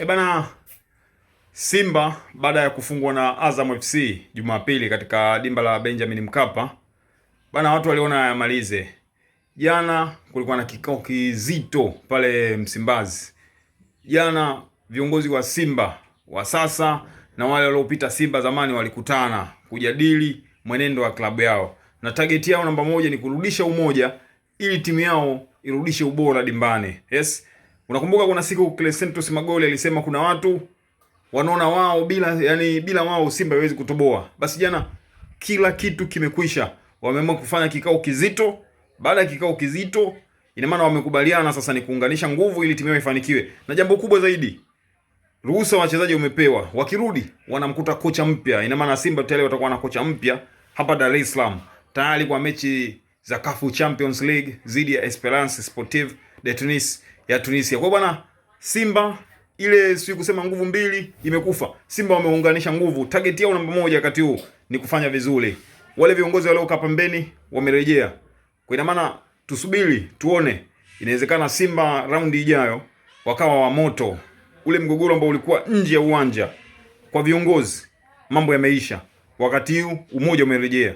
E bana, Simba baada ya kufungwa na Azam FC Jumapili katika dimba la Benjamin Mkapa bana, watu waliona yamalize. Jana kulikuwa na kikao kizito pale Msimbazi. Jana viongozi wa Simba wa sasa na wale waliopita Simba zamani walikutana kujadili mwenendo wa klabu yao, na tageti yao namba moja ni kurudisha umoja ili timu yao irudishe ubora dimbani. Yes, Unakumbuka kuna siku Clesentus Magoli alisema kuna watu wanaona wao bila yani, bila wao Simba haiwezi kutoboa. Basi jana kila kitu kimekwisha, wameamua kufanya kikao kizito. Baada ya kikao kizito, ina maana wamekubaliana sasa ni kuunganisha nguvu ili timu yao ifanikiwe, na jambo kubwa zaidi, ruhusa wachezaji umepewa, wakirudi wanamkuta kocha mpya. Ina maana Simba tayari watakuwa na kocha mpya hapa Dar es Salaam tayari kwa mechi za CAF Champions League dhidi ya Esperance Sportive de Tunis ya Tunisia. Kwa bwana Simba ile si kusema nguvu mbili imekufa. Simba wameunganisha nguvu. Target yao namba moja wakati huu ni kufanya vizuri. Wale viongozi waliokaa pembeni wamerejea. Kwa ina maana tusubiri tuone, inawezekana Simba raundi ijayo wakawa wa moto. Ule mgogoro ambao ulikuwa nje ya uwanja kwa viongozi, mambo yameisha. Wakati huu umoja umerejea.